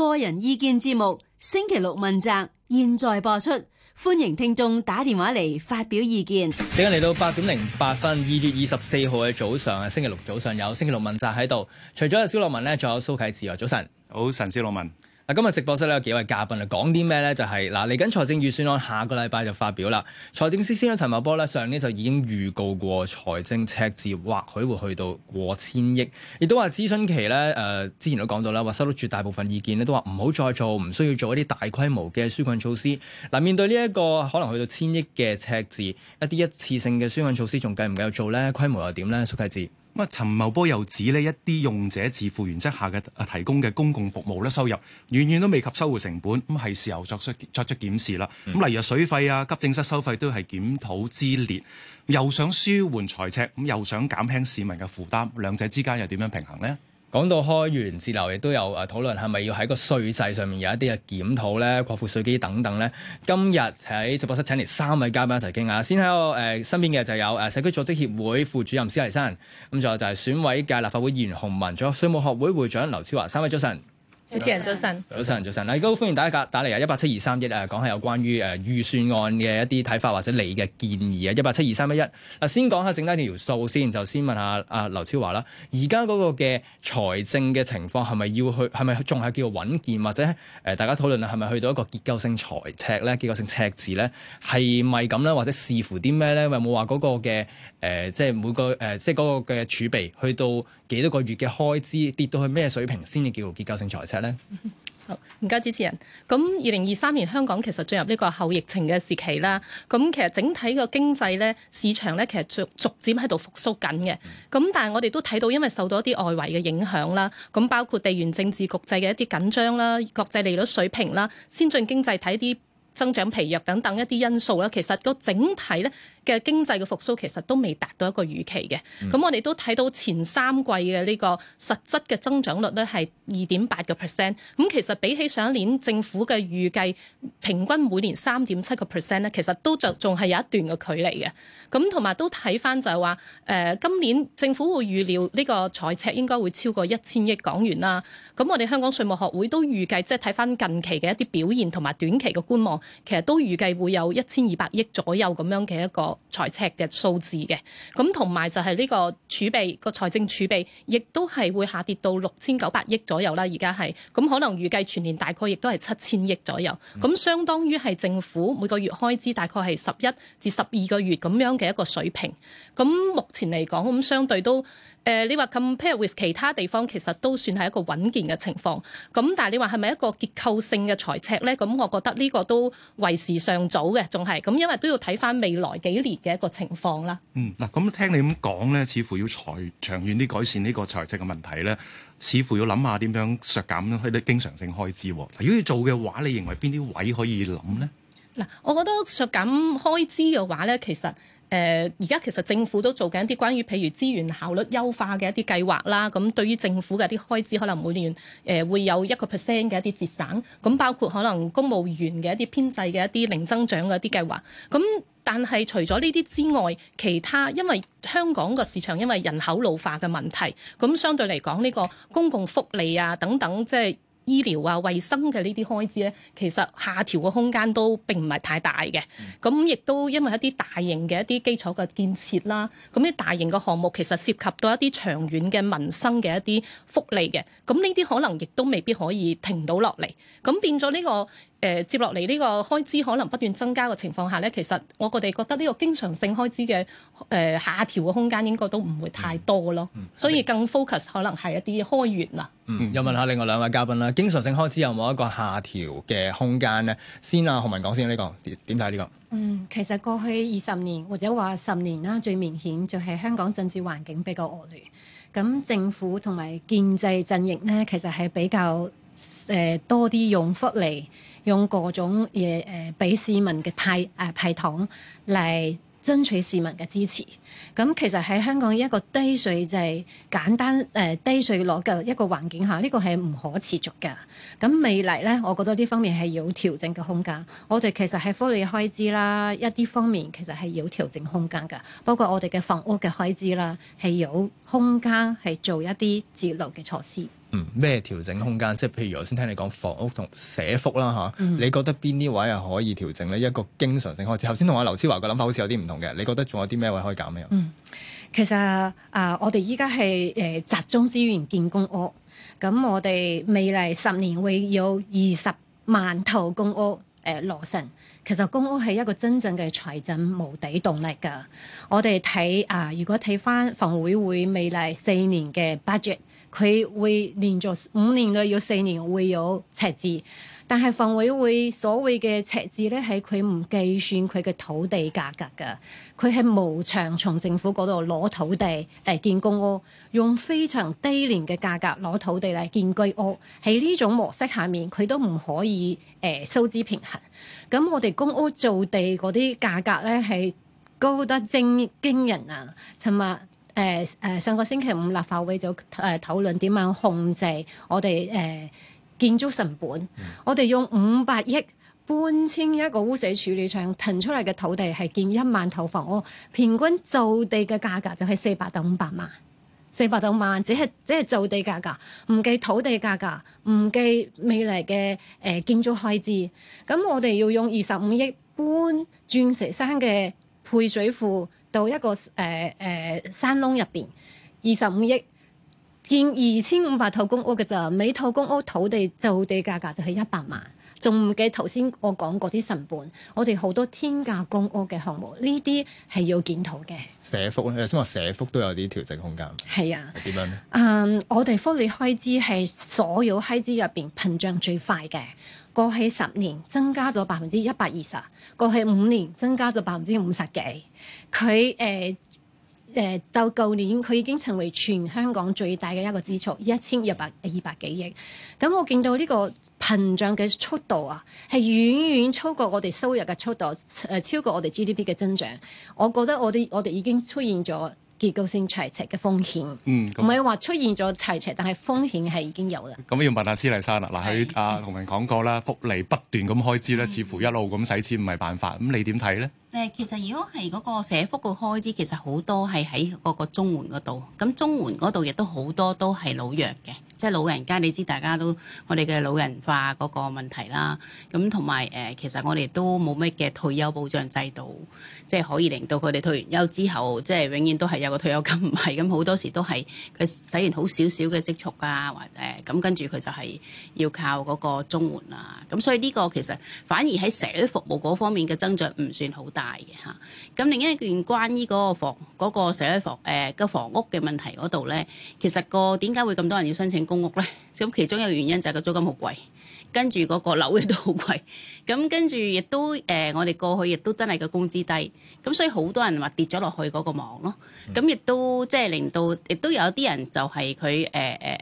個人意見節目星期六問責，現在播出，歡迎聽眾打電話嚟發表意見。時間嚟到八點零八分，二月二十四號嘅早上啊，星期六早上有星期六問責喺度。除咗肖樂文咧，仲有蘇啟智啊，早晨，早晨，肖樂文。今日直播室咧有幾位嘉賓啊，講啲咩咧？就係、是、嗱，嚟緊財政預算案下個禮拜就發表啦。財政司司長陳茂波咧，上年就已經預告過財政赤字或許會去到過千億，亦都話諮詢期咧，誒、呃、之前都講到啦，話收到絕大部分意見咧，都話唔好再做，唔需要做一啲大規模嘅紓困措施。嗱、啊，面對呢一個可能去到千億嘅赤字，一啲一次性嘅紓困措施仲繼唔繼續做咧？規模又點咧？蘇繼志。陳茂波又指呢一啲用者自付原則下嘅提供嘅公共服務咧，收入，遠遠都未及收回成本，咁係時候作出作出檢視啦。咁、嗯、例如水費啊、急症室收費都係檢討之列，又想舒緩財赤，咁又想減輕市民嘅負擔，兩者之間又點樣平衡呢？講到開源節流，亦都有誒討論，係咪要喺個稅制上面有一啲嘅檢討咧？擴闊稅基等等咧。今日喺直播室請嚟三位嘉賓一齊傾下。先喺我誒身邊嘅就有誒社區組織協會副主任施麗珊，咁仲有就係選委界立法會議員洪雯，仲有稅務學會會、會長劉昭華三位早晨。早晨，早晨，早晨，早、啊、晨！嗱，高歡迎大家打打嚟啊！一八七二三一啊，講下有關於誒、呃、預算案嘅一啲睇法或者你嘅建議啊！一八七二三一一嗱，先講下整單條數先，就先問下阿、啊、劉昭華啦。而家嗰個嘅財政嘅情況係咪要去？係咪仲係叫做穩健？或者誒、呃，大家討論啊，係咪去到一個結構性財赤咧？結構性赤字咧，係咪咁咧？或者視乎啲咩咧？為有冇話嗰個嘅誒、呃，即係每個誒、呃，即係嗰個嘅儲備去到幾多個月嘅開支跌到去咩水平先至叫做結構性財赤？好唔該，謝謝主持人。咁二零二三年香港其實進入呢個後疫情嘅時期啦。咁其實整體個經濟咧、市場咧，其實逐逐漸喺度復甦緊嘅。咁但係我哋都睇到，因為受到一啲外圍嘅影響啦，咁包括地緣政治局勢嘅一啲緊張啦、國際利率水平啦、先進經濟體啲增長疲弱等等一啲因素啦，其實個整體咧，嘅經濟嘅復甦其實都未達到一個預期嘅，咁我哋都睇到前三季嘅呢個實質嘅增長率咧係二點八個 percent，咁其實比起上一年政府嘅預計平均每年三點七個 percent 咧，其實都仲仲係有一段嘅距離嘅。咁同埋都睇翻就係話，誒、呃、今年政府會預料呢個財赤應該會超過一千億港元啦。咁我哋香港稅務學會都預計，即係睇翻近期嘅一啲表現同埋短期嘅觀望，其實都預計會有一千二百億左右咁樣嘅一個。財赤嘅數字嘅，咁同埋就係呢個儲備個財政儲備，亦都係會下跌到六千九百億左右啦。而家係，咁可能預計全年大概亦都係七千億左右。咁、嗯、相當於係政府每個月開支大概係十一至十二個月咁樣嘅一個水平。咁目前嚟講，咁相對都誒，你話 compare with 其他地方，其實都算係一個穩健嘅情況。咁但係你話係咪一個結構性嘅財赤呢？咁我覺得呢個都為時尚早嘅，仲係咁，因為都要睇返未來幾嘅一個情況啦。嗯，嗱，咁聽你咁講咧，似乎要再長遠啲改善呢個財政嘅問題咧，似乎要諗下點樣削減佢啲經常性開支。如果要做嘅話，你認為邊啲位可以諗咧？嗱，我覺得削減開支嘅話咧，其實誒，而、呃、家其實政府都做緊一啲關於譬如資源效率優化嘅一啲計劃啦。咁對於政府嘅一啲開支，可能每年誒會有一個 percent 嘅一啲節省。咁包括可能公務員嘅一啲編制嘅一啲零增長嘅一啲計劃。咁但係除咗呢啲之外，其他因為香港個市場因為人口老化嘅問題，咁相對嚟講呢個公共福利啊等等，即係醫療啊、衞生嘅呢啲開支咧，其實下調個空間都並唔係太大嘅。咁亦都因為一啲大型嘅一啲基礎嘅建設啦，咁啲大型嘅項目其實涉及到一啲長遠嘅民生嘅一啲福利嘅，咁呢啲可能亦都未必可以停到落嚟，咁變咗呢個。誒、呃、接落嚟呢個開支可能不斷增加嘅情況下呢，其實我哋覺得呢個經常性開支嘅，誒、呃、下調嘅空間應該都唔會太多咯，嗯嗯、所以更 focus 可能係一啲開源啦。嗯，又問下另外兩位嘉賓啦，嗯、經常性開支有冇一個下調嘅空間呢？先啊，洪雯講先呢個點睇呢個？這個、嗯，其實過去二十年或者話十年啦，最明顯就係香港政治環境比較惡劣，咁政府同埋建制陣營呢，其實係比較誒、呃、多啲用福利。用各種嘢誒，俾、呃、市民嘅派誒、呃、派糖嚟爭取市民嘅支持。咁、嗯、其實喺香港一個低稅制、就係、簡單誒、呃、低稅率嘅一個環境下，呢、呢個係唔可持續嘅。咁、嗯、未來咧，我覺得呢方面係有調整嘅空間。我哋其實喺福利開支啦，一啲方面其實係有調整空間嘅。包括我哋嘅房屋嘅開支啦，係有空間係做一啲節流嘅措施。嗯，咩調整空間？即係譬如我先聽你講房屋同社福啦嚇，啊嗯、你覺得邊啲位啊可以調整呢？一個經常性開支。頭先同我劉思華劉昭華嘅諗法好似有啲唔同嘅，你覺得仲有啲咩位可以搞咩？嗯，其實啊、呃，我哋依家係誒集中資源建公屋，咁我哋未來十年會有二十萬套公屋誒落成。其實公屋係一個真正嘅財政無底動力嘅。我哋睇啊，如果睇翻房會會未來四年嘅 budget。佢會連續五年內有四年會有赤字，但係房委會所謂嘅赤字咧，係佢唔計算佢嘅土地價格嘅，佢係無償從政府嗰度攞土地嚟、呃、建公屋，用非常低廉嘅價格攞土地嚟建居屋。喺呢種模式下面，佢都唔可以誒、呃、收支平衡。咁我哋公屋造地嗰啲價格咧係高得正驚人啊！尋日。誒誒、呃，上個星期五立法會就誒、呃、討論點樣控制我哋誒、呃、建築成本。Mm hmm. 我哋用五百億搬遷一個污水處理廠騰出嚟嘅土地，係建一萬套房屋，哦，平均造地嘅價格就係四百到五百萬，四百到萬，只係只係造地價格，唔計土地價格，唔計未來嘅誒、呃、建築開支。咁我哋要用二十五億搬鑽石山嘅配水庫。到一個誒誒、呃呃、山窿入邊，二十五億建二千五百套公屋嘅就，每套公屋土地就地價格就係一百萬，仲唔計頭先我講嗰啲成本，我哋好多天價公屋嘅項目，呢啲係要檢討嘅。社福誒，先、呃、話社福都有啲調整空間，係啊，點樣咧？嗯，我哋福利開支係所有開支入邊膨脹最快嘅。過去十年增加咗百分之一百二十，過去五年增加咗百分之五十幾。佢誒誒到舊年，佢已經成為全香港最大嘅一個支出，一千二百二百幾億。咁、嗯、我見到呢個膨脹嘅速度啊，係遠遠超過我哋收入嘅速度，誒超過我哋 GDP 嘅增長。我覺得我哋我哋已經出現咗結構性齊齊嘅風險，唔係話出現咗齊齊，但係風險係已經有嘅。咁、嗯、要問下施麗珊啦，嗱、啊，佢啊是同民講過啦，嗯、福利不斷咁開支咧，嗯、似乎一路咁使錢唔係辦法，咁你點睇咧？誒，其實如果係嗰個社福嘅開支，其實好多係喺嗰個綜援嗰度，咁綜援嗰度亦都好多都係老弱嘅。即係老人家，你知大家都我哋嘅老人化嗰個問題啦。咁同埋誒，其實我哋都冇咩嘅退休保障制度，即係可以令到佢哋退完休之後，即係永遠都係有個退休金唔係咁。好多時都係佢使完好少少嘅積蓄啊，或者咁跟住佢就係要靠嗰個綜援啊，咁所以呢個其實反而喺社區服務嗰方面嘅增長唔算好大嘅吓，咁另一段關於嗰個房嗰、嗰個社區房誒個、呃、房屋嘅問題嗰度咧，其實、個點解會咁多人要申請。公屋咧，咁其中一個原因就係個租金好貴，跟住嗰個樓亦都好貴，咁跟住亦都誒，我哋過去亦都真係個工資低，咁所以好多人話跌咗落去嗰個網咯，咁亦、嗯、都即係、就是、令到，亦都有啲人就係佢誒誒誒，佢、呃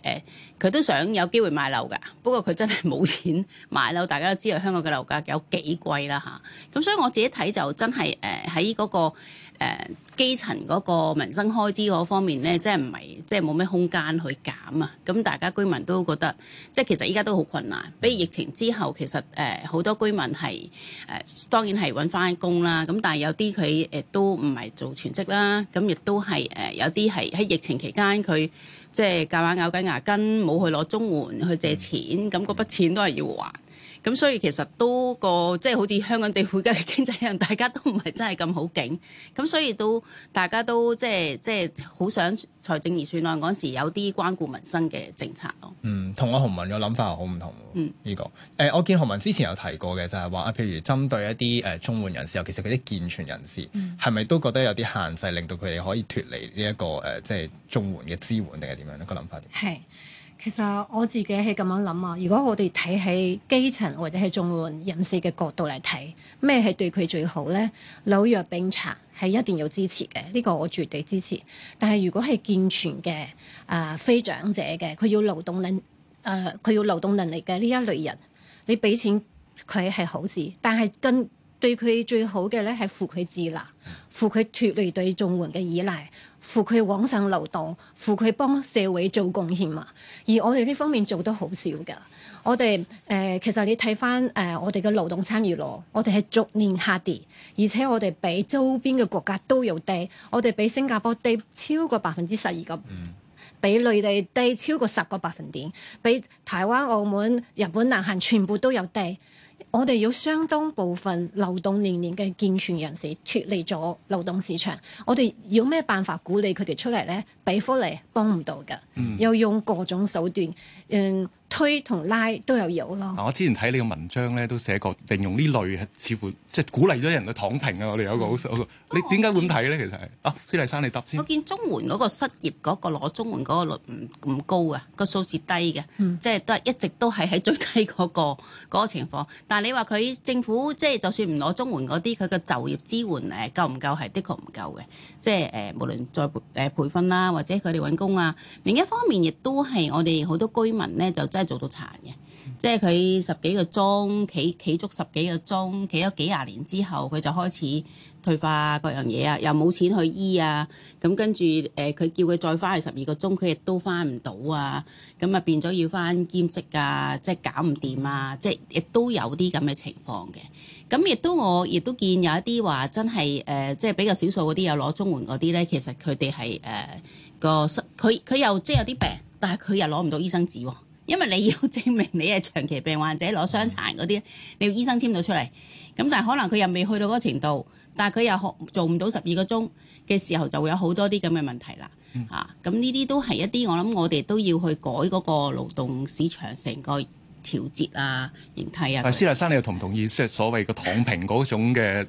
呃、都想有機會買樓噶，不過佢真係冇錢買樓，大家都知道香港嘅樓價有幾貴啦嚇，咁、啊、所以我自己睇就真係誒喺嗰個。誒、呃、基層嗰個民生開支嗰方面咧，即係唔係，即係冇咩空間去減啊！咁、嗯、大家居民都覺得，即係其實依家都好困難。比如疫情之後，其實誒好、呃、多居民係誒、呃、當然係揾翻工啦。咁、嗯、但係有啲佢誒都唔係做全職啦，咁、嗯、亦都係誒、呃、有啲係喺疫情期間佢即係夾硬，硬咬緊牙根，冇去攞綜援去借錢，咁、那、嗰、個、筆錢都係要還。咁所以其實都個即係好似香港政府嘅經濟人，大家都唔係真係咁好勁。咁所以都大家都即係即係好想財政預算案嗰時有啲關顧民生嘅政策咯。嗯，同阿洪雯嘅諗法係好唔同。呢、嗯呢個誒、呃，我見洪雯之前有提過嘅就係話啊，譬如針對一啲誒綜援人士，尤其係佢啲健全人士，係咪、嗯、都覺得有啲限制，令到佢哋可以脱離呢、這個呃、一個誒，即係綜援嘅支援定係點樣呢個諗法點？係。其實我自己係咁樣諗啊！如果我哋睇喺基層或者係綜援人士嘅角度嚟睇，咩係對佢最好咧？老弱病殘係一定要支持嘅，呢、這個我絕對支持。但係如果係健全嘅啊、呃、非長者嘅，佢要勞動能，誒、呃、佢要勞動能力嘅呢一類人，你俾錢佢係好事。但係更對佢最好嘅咧，係扶佢自立，扶佢脱離對綜援嘅依賴。扶佢往上流動，扶佢幫社會做貢獻嘛。而我哋呢方面做得好少噶。我哋誒、呃、其實你睇返誒我哋嘅勞動參與率，我哋係逐年下跌，而且我哋比周邊嘅國家都要低，我哋比新加坡低超過百分之十二個，比內地低超過十個百分點，比台灣、澳門、日本、南韓全部都有低。我哋有相當部分勞動年齡嘅健全人士脫離咗勞動市場，我哋有咩辦法鼓勵佢哋出嚟呢？俾福利幫唔到嘅，嗯、又用各種手段，嗯。推同拉都有有咯。嗱，我之前睇你個文章咧，都寫過，形容呢類係似乎即係鼓勵咗人去躺平啊！我哋有一個好數，你點解會咁睇咧？其實係啊，施麗珊，你答先。我見綜援嗰個失業嗰、嗰個攞綜援嗰個率唔咁高啊，個數字低嘅，嗯、即係都係一直都係喺最低嗰、嗰個嗰個情況。但係你話佢政府即係就算唔攞綜援嗰啲，佢個就業支援誒夠唔夠係的確唔夠嘅，即係誒、呃、無論再誒培訓啦，或者佢哋揾工啊。另一方面亦都係我哋好多居民咧就真係做到殘嘅，即係佢十幾個鐘企企足十幾個鐘，企咗幾廿年之後，佢就開始退化各樣嘢啊，又冇錢去醫啊，咁跟住誒，佢叫佢再返去十二個鐘，佢亦都返唔到啊，咁啊變咗要返兼職啊，即係搞唔掂啊，即係亦都有啲咁嘅情況嘅。咁亦都我亦都見有一啲話真係誒、呃，即係比較少數嗰啲有攞綜援嗰啲咧，其實佢哋係誒個佢佢又即係有啲病，但係佢又攞唔到醫生紙喎。因為你要證明你係長期病患者攞傷殘嗰啲，你要醫生簽到出嚟。咁但係可能佢又未去到嗰個程度，但係佢又做唔到十二個鐘嘅時,時候，就會有好多啲咁嘅問題啦。嚇、嗯啊，咁呢啲都係一啲我諗我哋都要去改嗰個勞動市場成個調節啊形態啊。但施麗珊，你又同唔同意即係 所謂嘅躺平嗰種嘅？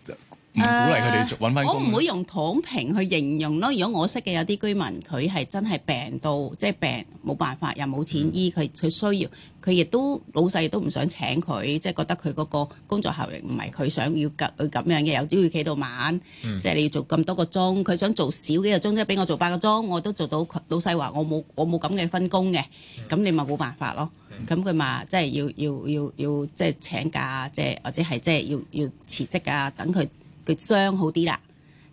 唔鼓勵佢哋揾翻工。我唔會用躺平去形容咯。如果我識嘅有啲居民，佢係真係病到，即係病冇辦法，又冇錢醫，佢佢、mm hmm. 需要，佢亦都老細亦都唔想請佢，即係覺得佢嗰個工作效益唔係佢想要咁佢樣嘅，有朝要企到晚，mm hmm. 即係你要做咁多個鐘，佢想做少幾個鐘，即係俾我做八個鐘，我都做到。老細話我冇我冇咁嘅分工嘅，咁你咪冇辦法咯。咁佢咪即係要要要要即係請假，即係或者係即係要要辭職啊，等佢。佢傷好啲啦，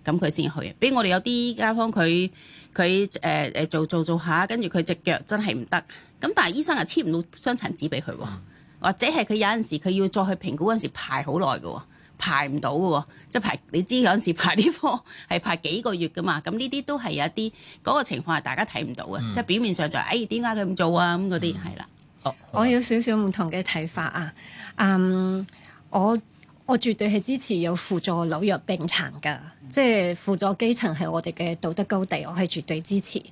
咁佢先去。比如我哋有啲街坊，佢佢誒誒做做做下，跟住佢隻腳真係唔得。咁但係醫生又簽唔到傷殘紙俾佢，嗯、或者係佢有陣時佢要再去評估嗰陣時排好耐嘅，排唔到嘅，即係排你知有陣時排呢科係排幾個月嘅嘛。咁呢啲都係有一啲嗰、嗰個情況係大家睇唔到嘅，嗯、即係表面上就係誒點解佢咁做啊，咁嗰啲係啦。我有少少唔同嘅睇法啊，嗯、um，我。我絕對係支持有輔助老弱病殘㗎，即係輔助基層係我哋嘅道德高地，我係絕對支持。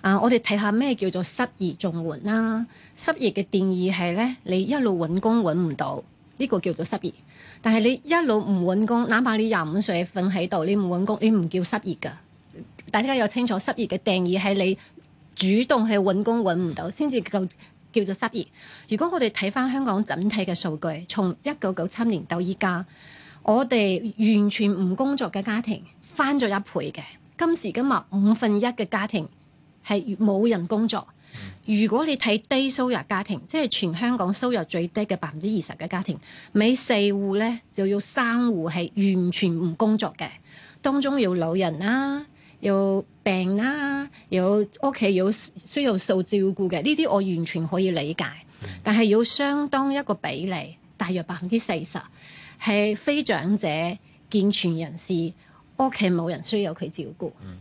啊，我哋睇下咩叫做失業綜援啦？失業嘅定義係咧，你一路揾工揾唔到，呢個叫做失業。但係你一路唔揾工，哪怕你廿五歲瞓喺度，你唔揾工，你唔叫失業㗎。大家有清楚失業嘅定義係你主動去揾工揾唔到，先至夠，叫做失業。如果我哋睇翻香港整體嘅數據，從一九九七年到依家，我哋完全唔工作嘅家庭翻咗一倍嘅。今時今日五分一嘅家庭係冇人工作。如果你睇低收入家庭，即係全香港收入最低嘅百分之二十嘅家庭，每四戶咧就要三戶係完全唔工作嘅，當中要老人啦、啊。有病啦、啊，有屋企有需要受照顧嘅呢啲，我完全可以理解。Mm. 但係有相當一個比例，大約百分之四十係非長者健全人士，屋企冇人需要佢照顧，呢、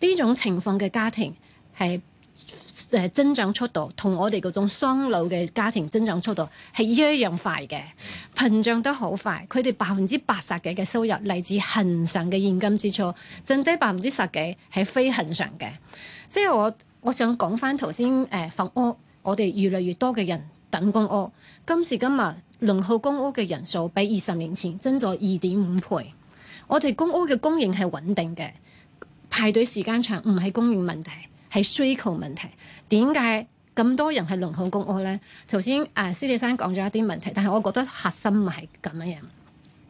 mm. 種情況嘅家庭係。誒，增長速度同我哋嗰種雙老嘅家庭增長速度係一樣快嘅，膨脹得好快。佢哋百分之八十幾嘅收入嚟自恒常嘅現金支出，剩低百分之十幾係非恒常嘅。即係我我想講翻頭先誒，房屋我哋越嚟越多嘅人等公屋，今時今日輪候公屋嘅人數比二十年前增咗二點五倍。我哋公屋嘅供應係穩定嘅，排隊時間長唔係供應問題。係需求問題，點解咁多人係輪候公屋咧？頭先誒施麗珊講咗一啲問題，但係我覺得核心唔係咁樣，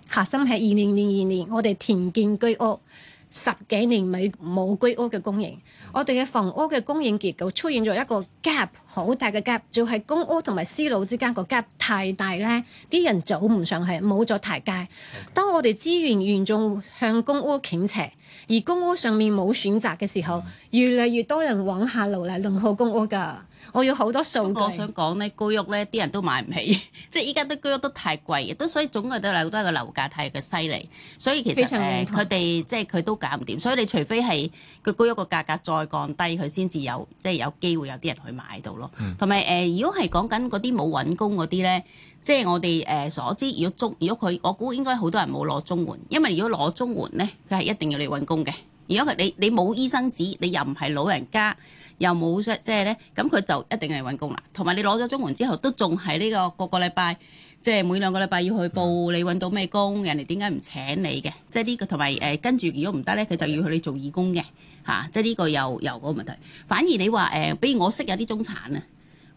核心係二零零二年我哋停建居屋。十幾年未冇居屋嘅供應，我哋嘅房屋嘅供應結構出現咗一個 gap，好大嘅 gap，就係公屋同埋私樓之間個 gap 太大咧，啲人走唔上去，冇咗台階。當我哋資源嚴重向公屋傾斜，而公屋上面冇選擇嘅時候，越嚟越多人往下流嚟輪候公屋㗎。我要好多數，我想講咧，居屋咧啲人都買唔起， 即係依家啲居屋都太貴，都所以總嘅都係好多個樓價太佢犀利，所以其實佢哋、呃、即係佢都搞唔掂，所以你除非係佢居屋個價格再降低，佢先至有即係有機會有啲人去買到咯。同埋誒，如果係講緊嗰啲冇揾工嗰啲咧，即係我哋誒、呃、所知，如果中如果佢，我估應該好多人冇攞綜援，因為如果攞綜援咧，佢係一定要你揾工嘅。如果佢你你冇醫生紙，你又唔係老人家。又冇即即係咧，咁佢就一定係揾工啦。同埋你攞咗綜援之後，都仲係呢個個個禮拜，即係每兩個禮拜要去報你揾到咩工，人哋點解唔請你嘅？即係呢個同埋誒跟住，如果唔得咧，佢就要去你做義工嘅嚇。即係呢個又又嗰個問題。反而你話誒，比如我識有啲中產啊，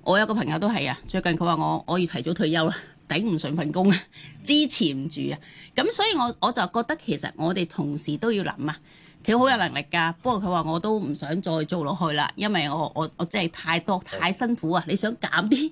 我有個朋友都係啊，最近佢話我我要提早退休啦，頂唔順份工啊，支持唔住啊。咁所以我我就覺得其實我哋同時都要諗啊。你好有能力㗎，不過佢話我都唔想再做落去啦，因為我我我真係太多太辛苦啊！你想減啲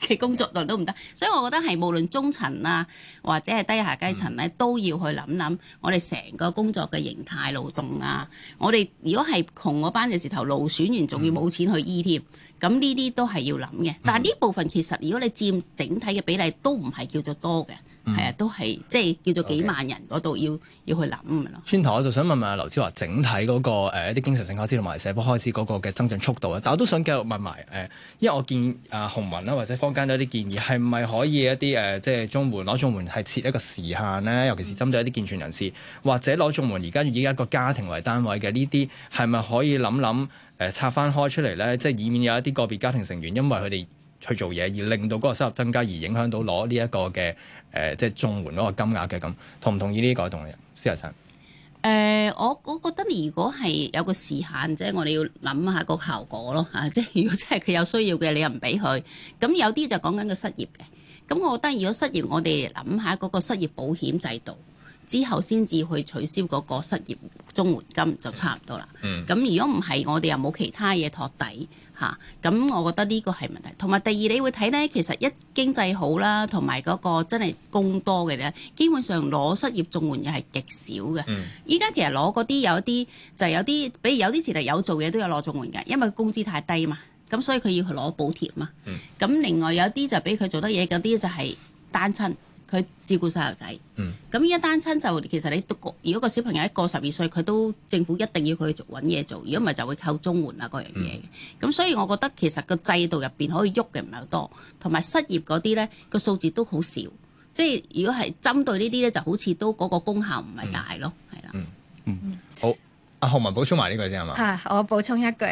嘅工作量都唔得，所以我覺得係無論中層啊，或者係低下階層咧、啊，都要去諗諗我哋成個工作嘅形態、勞動啊。我哋如果係窮嗰班，嘅時頭勞損完仲要冇錢去醫添，咁呢啲都係要諗嘅。但係呢部分其實如果你佔整體嘅比例都唔係叫做多嘅。係啊，嗯、都係即係叫做幾萬人嗰度要 Okay. 要去諗咯。村頭，我就想問問阿劉昭華，整體嗰、那個一啲經常性開支同埋社保開支嗰個嘅增長速度啊。但我都想繼續問埋誒、呃，因為我見阿洪、啊、雯啦或者坊間有啲建議，係咪可以一啲誒、呃、即係綜援攞綜援係設一個時限呢？尤其是針對一啲健全人士，或者攞綜援而家以一個家庭為單位嘅呢啲，係咪可以諗諗誒拆翻開出嚟呢？即、就、係、是、以免有一啲個別家庭成員因為佢哋。去做嘢，而令到嗰個收入增加，而影響到攞呢一個嘅誒、呃，即係綜援嗰個金額嘅咁，同唔同意呢啲改動啊？施麗珊，誒、呃，我我覺得如果係有個時限即啫，即係、我哋要諗下個效果咯嚇、啊，即係如果真係佢有需要嘅，你又唔俾佢，咁有啲就講緊個失業嘅，咁我覺得如果失業，我哋諗下嗰個失業保險制度。之後先至去取消嗰個失業綜援金就差唔多啦。咁、嗯、如果唔係，我哋又冇其他嘢托底嚇。咁、啊、我覺得呢個係問題。同埋第二，你會睇呢，其實一經濟好啦，同埋嗰個真係工多嘅呢，基本上攞失業綜援又係極少嘅。依家、嗯、其實攞嗰啲有啲就係、有啲，比如有啲前提有做嘢都有攞綜援嘅，因為工資太低嘛。咁所以佢要去攞補貼嘛。咁、嗯、另外有啲就俾佢做得嘢嗰啲就係單親。佢照顧細路仔，咁一單親就其實你獨如果個小朋友一過十二歲，佢都政府一定要佢做揾嘢做，如果唔係就會扣綜援啦，嗰樣嘢。咁所以我覺得其實個制度入邊可以喐嘅唔係好多，同埋失業嗰啲咧個數字都好少，即係如果係針對呢啲咧，就好似都嗰個功效唔係大咯，係啦。嗯嗯，好，阿洪雯補充埋呢個先係嘛？我補充一句，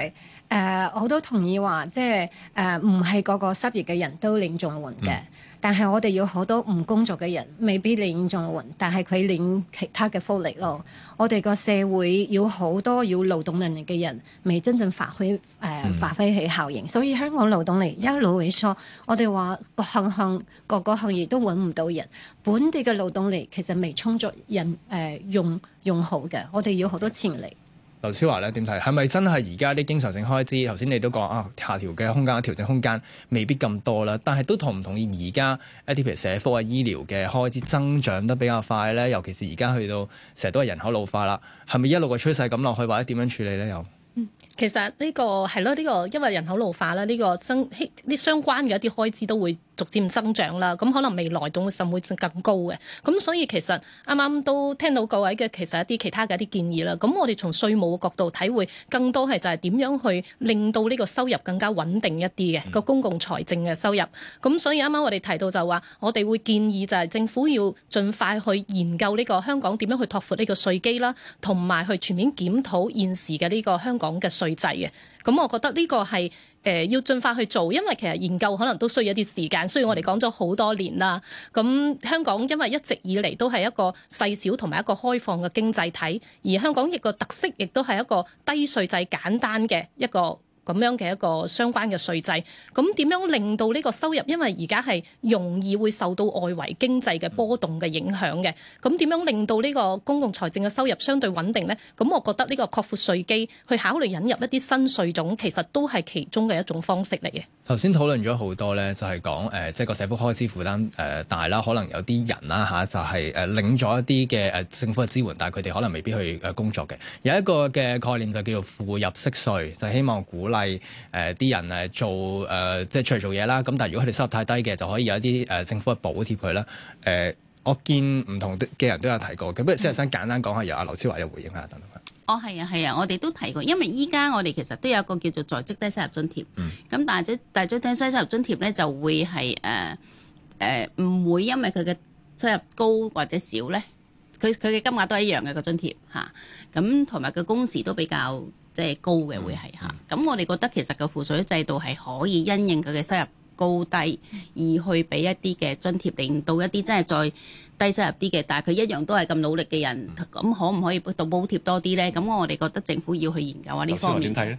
誒我都同意話，即係誒唔係個個失業嘅人都領綜援嘅。但係我哋有好多唔工作嘅人，未必領綜援，但係佢領其他嘅福利咯。我哋個社會有好多要勞動能力嘅人，未真正發揮誒、呃、發揮起效應。所以香港勞動力一路萎縮，我哋話各行行各個行業都揾唔到人，本地嘅勞動力其實未充足人，人、呃、誒用用好嘅，我哋有好多潛力。劉昭華咧點睇？係咪真係而家啲經常性開支？頭先你都講啊，下調嘅空間、調整空間未必咁多啦。但係都同唔同意而家一啲譬如社福啊、醫療嘅開支增長得比較快咧？尤其是而家去到成日都係人口老化啦，係咪一路嘅趨勢咁落去，或者點樣處理咧？又、嗯、其實呢個係咯，呢個因為人口老化啦，呢個增啲相關嘅一啲開支都會。逐漸增長啦，咁可能未來仲會甚會更高嘅。咁所以其實啱啱都聽到各位嘅其實一啲其他嘅一啲建議啦。咁我哋從稅務角度睇，會更多係就係點樣去令到呢個收入更加穩定一啲嘅個公共財政嘅收入。咁所以啱啱我哋提到就話，我哋會建議就係政府要盡快去研究呢個香港點樣去拓闊呢個稅基啦，同埋去全面檢討現時嘅呢個香港嘅稅制嘅。咁我覺得呢個係。誒要盡快去做，因為其實研究可能都需要一啲時間，所以我哋講咗好多年啦。咁香港因為一直以嚟都係一個細小同埋一個開放嘅經濟體，而香港亦個特色亦都係一個低稅制簡單嘅一個。咁樣嘅一個相關嘅稅制，咁點樣令到呢個收入？因為而家係容易會受到外圍經濟嘅波動嘅影響嘅，咁點樣令到呢個公共財政嘅收入相對穩定咧？咁我覺得呢個擴闊稅基，去考慮引入一啲新稅種，其實都係其中嘅一種方式嚟嘅。頭先討論咗好多咧，就係講，誒，即係個社福開支負擔誒大啦，可能有啲人啦吓、啊、就係、是、誒領咗一啲嘅誒政府嘅支援，但係佢哋可能未必去誒工作嘅。有一個嘅概念就叫做負入息稅，就是、希望鼓勵。係誒，啲、呃、人誒做誒、呃，即係出嚟做嘢啦。咁但係如果佢哋收入太低嘅，就可以有一啲誒政府嘅補貼佢啦。誒、呃，我見唔同嘅人都有提過嘅。不如先嚟先簡單講下，嗯、由阿劉昭華有回應下。等等。哦，係啊，係啊，啊，我哋都提過，因為依家我哋其實都有一個叫做在職低收入津貼。嗯。咁但係，但係，低收入津貼咧就會係誒誒，唔、呃呃、會因為佢嘅收入高或者少咧，佢佢嘅金額都係一樣嘅個津貼吓。咁同埋佢工時都比較。即係高嘅會係吓，咁、嗯、我哋覺得其實個扶稅制度係可以因應佢嘅收入高低而去俾一啲嘅津貼，令到一啲真係再。低收入啲嘅，但係佢一樣都係咁努力嘅人，咁、嗯、可唔可以到補貼多啲咧？咁我哋覺得政府要去研究下、啊、呢方面。咁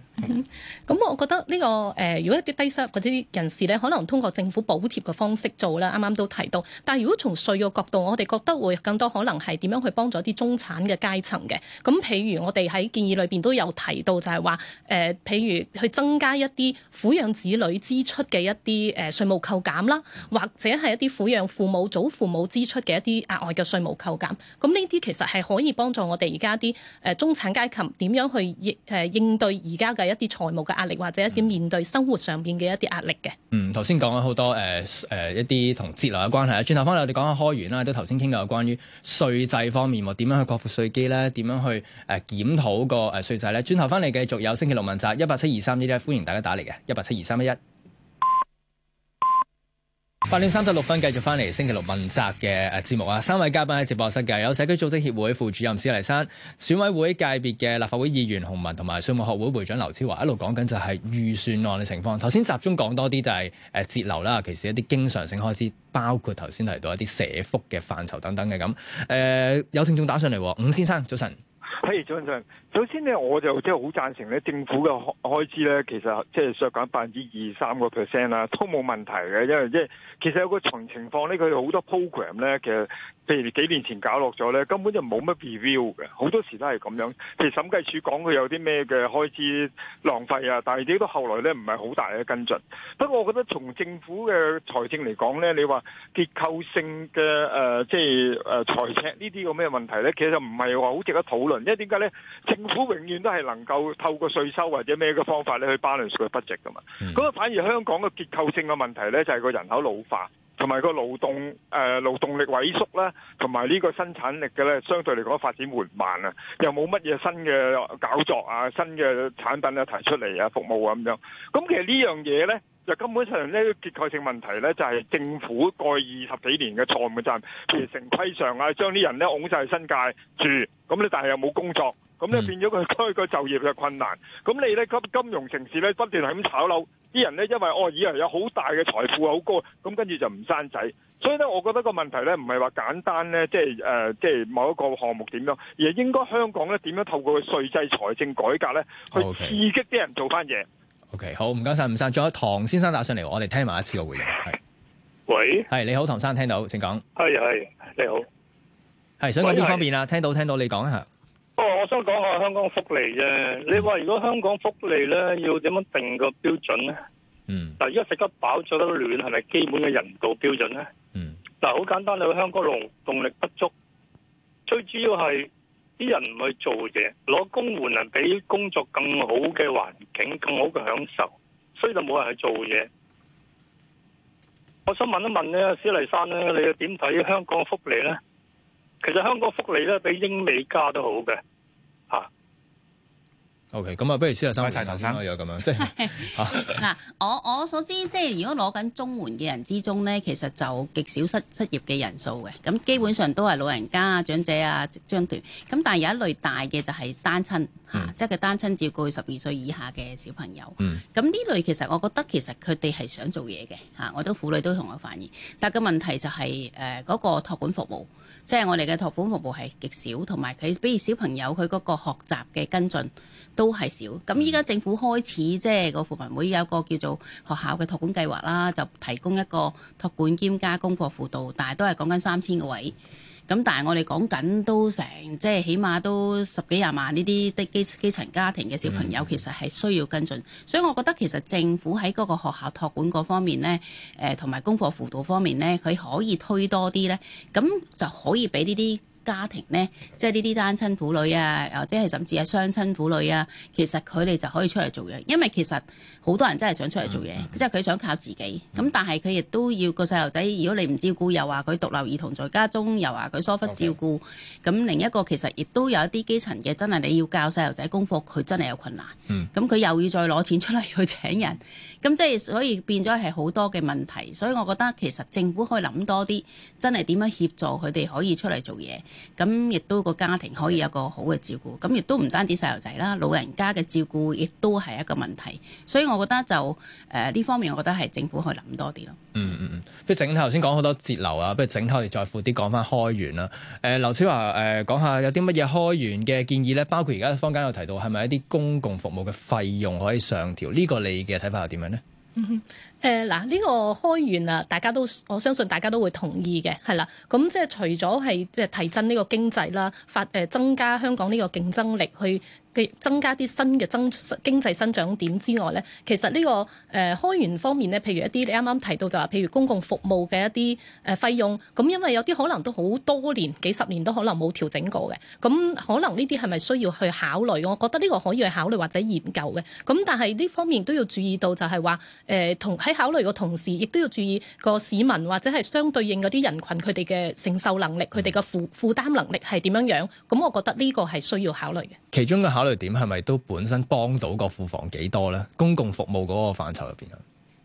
我， 我覺得呢、呢個誒、呃，如果一啲低收入嗰啲人士咧，可能通過政府補貼嘅方式做啦。啱啱都提到，但係如果從稅嘅角度，我哋覺得會更多可能係點樣去幫助一啲中產嘅階層嘅。咁譬如我哋喺建議裏邊都有提到就，就係話誒譬如去增加一啲撫養子女支出嘅一啲誒稅務扣減啦，或者係一啲撫養父母、祖父母支出嘅一啲。啲額外嘅稅務扣減，咁呢啲其實係可以幫助我哋而家啲誒中產階級點樣去誒應對而家嘅一啲財務嘅壓力，或者一啲面對生活上邊嘅一啲壓力嘅。嗯，頭先講咗好多誒誒、呃呃、一啲同節流嘅關係，轉頭翻嚟我哋講下開源啦，都頭先傾到關於稅制方面，點樣去擴闊稅基咧，點樣去誒檢討個誒稅制咧。轉頭翻嚟繼續有星期六問責，一八七二三一一，1，歡迎大家打嚟嘅一八七二三一一。八點三十六分，繼續翻嚟星期六問責嘅誒節目啊！三位嘉賓喺直播室嘅，有社區組織協會副主任施麗珊、選委會界別嘅立法會議員洪雯，同埋稅務學會會長劉昭華，一路講緊就係預算案嘅情況。頭先集中講多啲就係誒節流啦，其實一啲經常性開支，包括頭先提到一啲社福嘅範疇等等嘅咁。誒、呃，有聽眾打上嚟，伍先生，早晨。睇完張振，hey, John, 首先咧我就即係好贊成咧，政府嘅開支咧，其實即係削減百分之二三個 percent 啦，都冇問題嘅，因為即係其實有個情情況咧，佢好多 program 咧，其實譬如幾年前搞落咗咧，根本就冇乜 review 嘅，好多時都係咁樣。譬如審計署講佢有啲咩嘅開支浪費啊，但係亦都後來咧唔係好大嘅跟進。不過我覺得從政府嘅財政嚟講咧，你話結構性嘅誒、呃、即係誒財赤呢啲個咩問題咧，其實唔係話好值得討論。因為點解咧？政府永遠都係能夠透過稅收或者咩嘅方法咧去 balance 佢不值㗎嘛。咁啊、嗯，反而香港嘅結構性嘅問題咧，就係個人口老化，同埋個勞動誒、呃、勞動力萎縮啦，同埋呢個生產力嘅咧，相對嚟講發展緩慢啊，又冇乜嘢新嘅搞作啊，新嘅產品啊提出嚟啊，服務啊咁樣。咁其實呢樣嘢咧。就根本上呢，個，結構性問題呢，就係政府過去二十幾年嘅錯誤嘅責任，譬如城規上啊，將啲人呢拱晒去新界住，咁你但係又冇工作，咁你變咗佢推個就業嘅困難。咁你呢，金融城市呢不斷係咁炒樓，啲人呢因為哦，以為，有好大嘅財富，好高，咁跟住就唔生仔。所以呢，我覺得個問題呢，唔係話簡單呢，即係誒，即、呃、係、即係、某一個項目點樣，而係應該香港呢點樣透過個稅制、財政改革呢，去刺激啲人做翻嘢。Okay. O.K. 好，唔該晒，唔該晒。仲有唐先生打上嚟，我哋聽埋一次個回應。係喂，係你好，唐生，聽到，請講。係係你好，係想講邊方面啊是？聽到聽到，你講一下。哦，我想講下香港福利啫。你話如果香港福利咧，要點樣定個標準咧？嗯。嗱，而家食得飽，着得暖，係咪基本嘅人道標準咧？嗯。嗱，好簡單，你去香港勞動力不足，最主要係。啲人唔去做嘢，攞工換嚟比工作更好嘅環境、更好嘅享受，所以就冇人去做嘢。我想問一問呢，施麗珊呢，你又點睇香港福利呢？其實香港福利呢，比英美加都好嘅。O.K. 咁啊，不如先嚟三題。快頭生啊，有咁樣即係嗱。我我所知即係如果攞緊綜援嘅人之中咧，其實就極少失失業嘅人數嘅。咁基本上都係老人家啊、長者啊、將段咁。但係有一類大嘅就係單親嚇、嗯啊，即係佢單親照顧十二歲以下嘅小朋友。嗯。咁呢類其實我覺得其實佢哋係想做嘢嘅嚇，我都婦女都同我反映，但係個問題就係誒嗰個託管服務，即係我哋嘅託管服務係極少，同埋佢比如小朋友佢嗰個學習嘅跟進，進。都係少，咁依家政府開始即係個扶貧會有一個叫做學校嘅托管計劃啦，就提供一個托管兼加功課輔導，但係都係講緊三千個位。咁但係我哋講緊都成即係起碼都十幾廿萬呢啲的基基層家庭嘅小朋友，其實係需要跟進，嗯、所以我覺得其實政府喺嗰個學校托管嗰方面呢，誒同埋功課輔導方面呢，佢可以推多啲呢，咁就可以俾呢啲。家庭呢，即係呢啲單親婦女啊，或者係甚至係雙親婦女啊，其實佢哋就可以出嚟做嘢，因為其實好多人真係想出嚟做嘢，嗯、即係佢想靠自己。咁、嗯、但係佢亦都要個細路仔，如果你唔照顧，又話佢獨留兒童在家中，又話佢疏忽照顧。咁 Okay. 另一個其實亦都有一啲基層嘅，真係你要教細路仔功課，佢真係有困難。咁佢、嗯、又要再攞錢出嚟去請人。咁即係所以變咗係好多嘅問題。所以我覺得其實政府可以諗多啲，真係點樣協助佢哋可以出嚟做嘢。咁亦都個家庭可以有個好嘅照顧，咁亦都唔單止細路仔啦，老人家嘅照顧亦都係一個問題。所以我覺得就誒呢、呃、方面，我覺得係政府去諗多啲咯、嗯。嗯嗯嗯，不如整體頭先講好多節流啊，不如整體我哋再闊啲講翻開源啦。誒、呃，劉昭華誒講下有啲乜嘢開源嘅建議咧？包括而家坊間有提到係咪一啲公共服務嘅費用可以上調？呢、這個你嘅睇法係點樣呢？ 誒嗱，呢、呃這個開源啊，大家都我相信大家都會同意嘅，係啦。咁即係除咗係提振呢個經濟啦，發誒、呃、增加香港呢個競爭力去。增加啲新嘅增經濟增長點之外咧，其實呢、呢個誒、呃、開源方面咧，譬如一啲你啱啱提到就話譬如公共服務嘅一啲誒、呃、費用，咁因為有啲可能都好多年幾十年都可能冇調整過嘅，咁、嗯、可能呢啲係咪需要去考慮，我覺得呢個可以去考慮或者研究嘅。咁、嗯、但係呢方面都要注意到就係話誒同喺考慮嘅同時亦都要注意個市民或者係相對應嗰啲人群佢哋嘅承受能力，佢哋嘅負負擔能力係點樣樣，咁、嗯、我覺得呢個係需要考慮嘅。其中嘅考慮點係咪都本身幫到個庫房幾多咧？公共服務嗰個範疇入邊啊？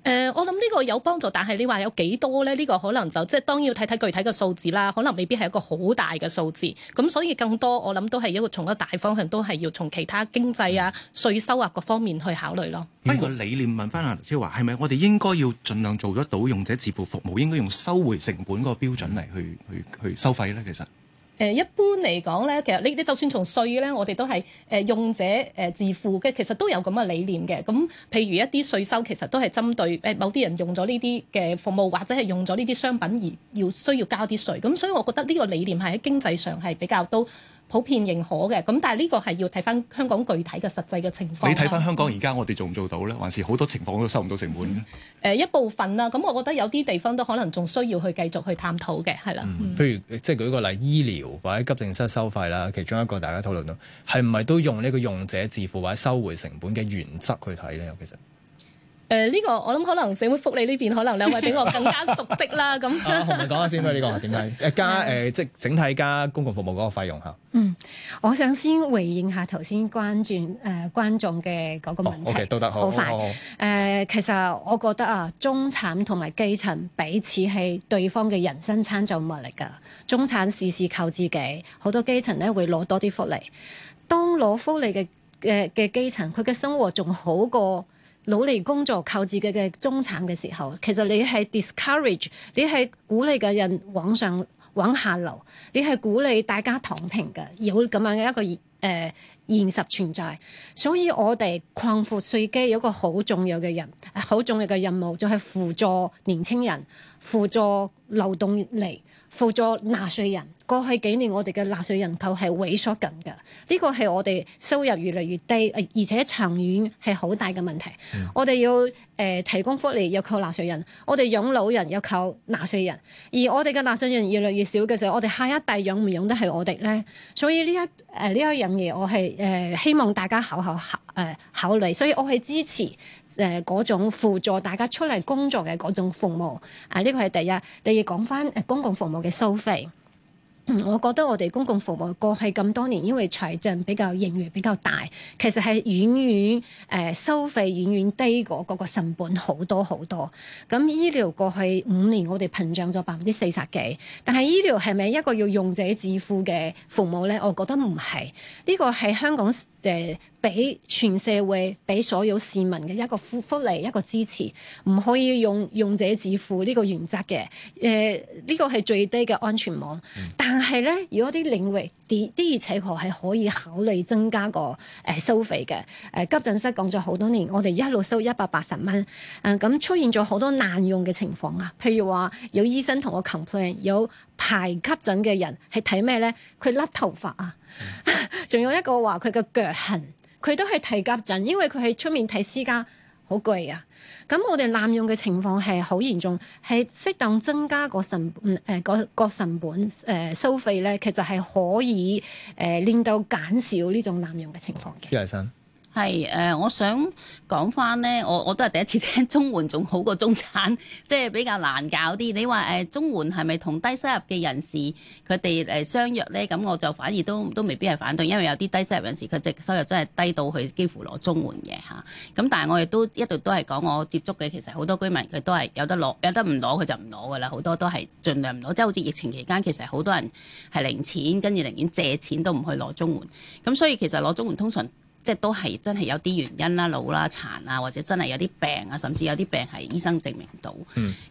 誒、呃，我諗呢個有幫助，但係你話有幾多咧？呢、這個可能就即係當要睇睇具體嘅數字啦，可能未必係一個好大嘅數字。咁所以更多我諗都係一個從一個大方向，都係要從其他經濟啊、稅、嗯、收啊嗰方面去考慮咯。翻個理念，問翻阿劉昭華，係咪我哋應該要盡量做得到用者自付服務，應該用收回成本嗰個標準嚟去去去收費咧？其實。誒一般嚟講咧，其實你你就算從稅咧，我哋都係誒用者誒自付嘅，其實都有咁嘅理念嘅。咁譬如一啲稅收，其實都係針對誒某啲人用咗呢啲嘅服務或者係用咗呢啲商品而要需要交啲稅。咁所以我覺得呢個理念係喺經濟上係比較都普遍認可嘅，咁但係呢個係要睇翻香港具體嘅實際嘅情況。你睇翻香港而家我哋做唔做到咧，還是好多情況都收唔到成本咧？誒、嗯呃、一部分啦，咁我覺得有啲地方都可能仲需要去繼續去探討嘅，係啦。譬、嗯、如即係、就是、舉一個例，醫療或者急症室收費啦，其中一個大家討論到，係唔係都用呢個用者自付或者收回成本嘅原則去睇咧？其實。誒，呢、呃，這個我諗可能社會福利呢邊可能兩位比我更加熟悉啦，咁 樣啊，同你講下先、這、啦、個，呢個點解？誒，加誒、即、呃、係整體加公共服務嗰個費用吓。嗯，我想先回應下頭先關注誒觀眾嘅嗰、呃、個問題。哦、okay，都得好快。誒、呃，其實我覺得啊，中產同埋基層彼此係對方嘅人生參照物嚟噶。中產事事靠自己，好多基層咧會攞多啲福利。當攞福利嘅嘅嘅基層，佢嘅生活仲好過努力工作靠自己嘅中產嘅時候，其實你係 discourage，你係鼓勵嘅人往上往下流，你係鼓勵大家躺平㗎，有咁樣嘅一個誒。呃現實存在，所以我哋擴闊稅基有一個好重要嘅人，好重要嘅任務就係、是、輔助年輕人、輔助流動力、輔助納稅人。過去幾年我哋嘅納稅人口係萎縮緊㗎，呢個係我哋收入越嚟越低，而且長遠係好大嘅問題。嗯、我哋要誒、呃、提供福利要靠納稅人，我哋養老人要靠納稅人，而我哋嘅納稅人越來越少嘅時候，我哋下一代養唔養得係我哋咧？所以呢一誒呢一樣嘢，我係。誒希望大家考好，好考誒考慮，所以我係支持誒、呃、嗰種輔助大家出嚟工作嘅嗰種服務啊，呢、這個係第一，第二講翻誒公共服務嘅收費。我覺得我哋公共服務過去咁多年，因為財政比較盈餘比較大，其實係遠遠誒，收費遠遠低過嗰個成本好多好多。咁、嗯、醫療過去五年我哋膨脹咗百分之四十幾，但係醫療係咪一個要用者自付嘅服務咧？我覺得唔係，呢個係香港誒俾、呃、全社會俾所有市民嘅一個福福利一個支持，唔可以用用者自付呢個原則嘅。誒呢個係最低嘅安全網。但但係咧，如果啲領域的而且確係可以考慮增加個誒收費嘅。誒、呃，急診室講咗好多年，我哋一路收一百八十蚊。誒、呃，咁出現咗好多濫用嘅情況啊，譬如話有醫生同我 complain，有排急診嘅人係睇咩咧？佢甩頭髮啊，仲 有一個話佢嘅腳痕，佢都係睇急診，因為佢喺出面睇私家。好貴啊！咁我哋濫用嘅情況係好嚴重，係適當增加個成誒、呃、個個成本誒、呃、收費咧，其實係可以誒、呃、令到減少呢種濫用嘅情況嘅。係誒、呃，我想講翻呢。我我都係第一次聽綜援仲好過中產，即、就、係、是、比較難搞啲。你話誒、呃、綜援係咪同低收入嘅人士佢哋誒相約呢？咁我就反而都都未必係反對，因為有啲低收入人士佢嘅收入真係低到佢幾乎攞綜援嘅嚇。咁、啊、但係我亦都一度都係講，我接觸嘅其實好多居民佢都係有得攞，有得唔攞佢就唔攞㗎啦。好多都係盡量唔攞，即、就、係、是、好似疫情期間，其實好多人係零錢，跟住寧願借錢都唔去攞綜援。咁所以其實攞綜援通常。即係都係真係有啲原因啦、啊、老啦、啊、殘啊，或者真係有啲病啊，甚至有啲病係醫生證明到。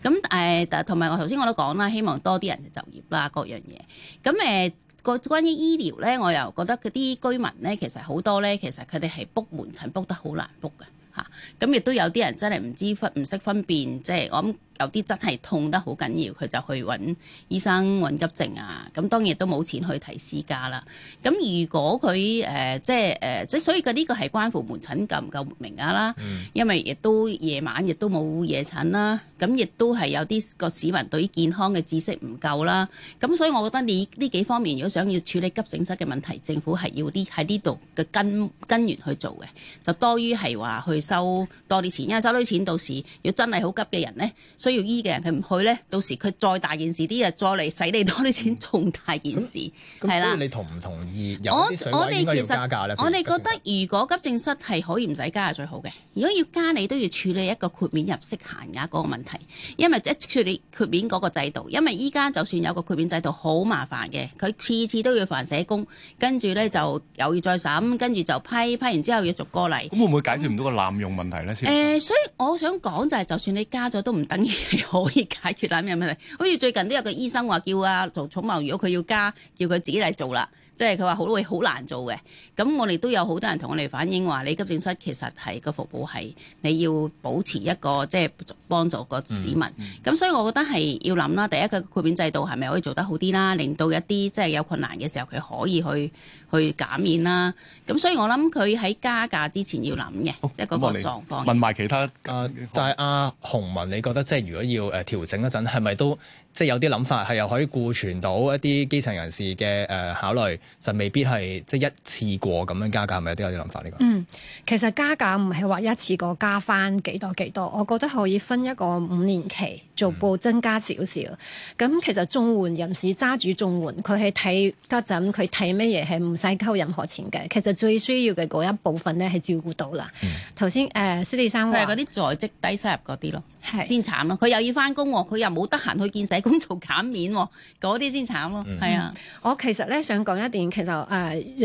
咁但同埋我頭先我都講啦，希望多啲人就業啦，各樣嘢。咁誒，個、呃、關於醫療咧，我又覺得嗰啲居民咧，其實好多咧，其實佢哋係 book 門診 book 得好難 book 嘅嚇。咁、啊、亦都有啲人真係唔知分唔識分辨，即係我諗。有啲真係痛得好緊要，佢就去揾醫生揾急症啊！咁當然都冇錢去睇私家啦。咁如果佢誒、呃、即係誒即係，所以嘅呢個係關乎門診夠唔夠名額啦。因為亦都夜晚亦都冇夜診啦。咁亦都係有啲個市民對於健康嘅知識唔夠啦。咁所以我覺得你呢幾方面，如果想要處理急症室嘅問題，政府係要啲喺呢度嘅根根源去做嘅，就多於係話去收多啲錢，因為收多啲錢，到時，要真係好急嘅人咧。需要醫嘅人佢唔去呢，到時佢再大件事啲人再嚟使你多啲錢仲大件事，係啦。所以你同唔同意有啲水位應該要加價咧？我哋覺得如果急症室係可以唔使加係最好嘅。如果要加你，你都要處理一個豁免入息限額嗰個問題，因為即係處理豁免嗰個制度。因為依家就算有個豁免制度，好麻煩嘅，佢次次都要煩社工，跟住呢就又要再審，跟住就批批，批完之後要續過嚟。咁、嗯、會唔會解決唔到個濫用問題咧？誒、嗯呃，所以我想講就係、是，就算你加咗都唔等於。可以解決有咩問題？好似最近都有個醫生話叫啊，做寵物如果佢要加，叫佢自己嚟做啦。即係佢話好會好難做嘅。咁我哋都有好多人同我哋反映話，你急症室其實係個服務係你要保持一個即係幫助個市民。咁、嗯嗯、所以我覺得係要諗啦。第一個豁免制度係咪可以做得好啲啦？令到一啲即係有困難嘅時候，佢可以去。去減免啦，咁所以我諗佢喺加價之前要諗嘅，哦、即係嗰個狀況問。問埋其他，但係阿洪雯，你覺得即係如果要誒、呃、調整一陣，係咪都即係有啲諗法，係又可以顧全到一啲基層人士嘅誒、呃、考慮，就未必係即係一次過咁樣加價，係咪都有啲諗法呢、呢個？嗯，其實加價唔係話一次過加返幾多幾多少，我覺得可以分一個五年期。逐步增加少少，咁、嗯、其實綜援人士揸住綜援，佢係睇家陣佢睇乜嘢係唔使扣任何錢嘅，其實最需要嘅嗰一部分咧係照顧到啦。頭先誒，施、呃、麗珊話係嗰啲在職低收入嗰啲咯。先慘咯，佢又要返工喎，佢又冇得閒去見社工做減免喎，嗰啲先慘咯，係啊、嗯。我其實咧想講一點，其實誒誒、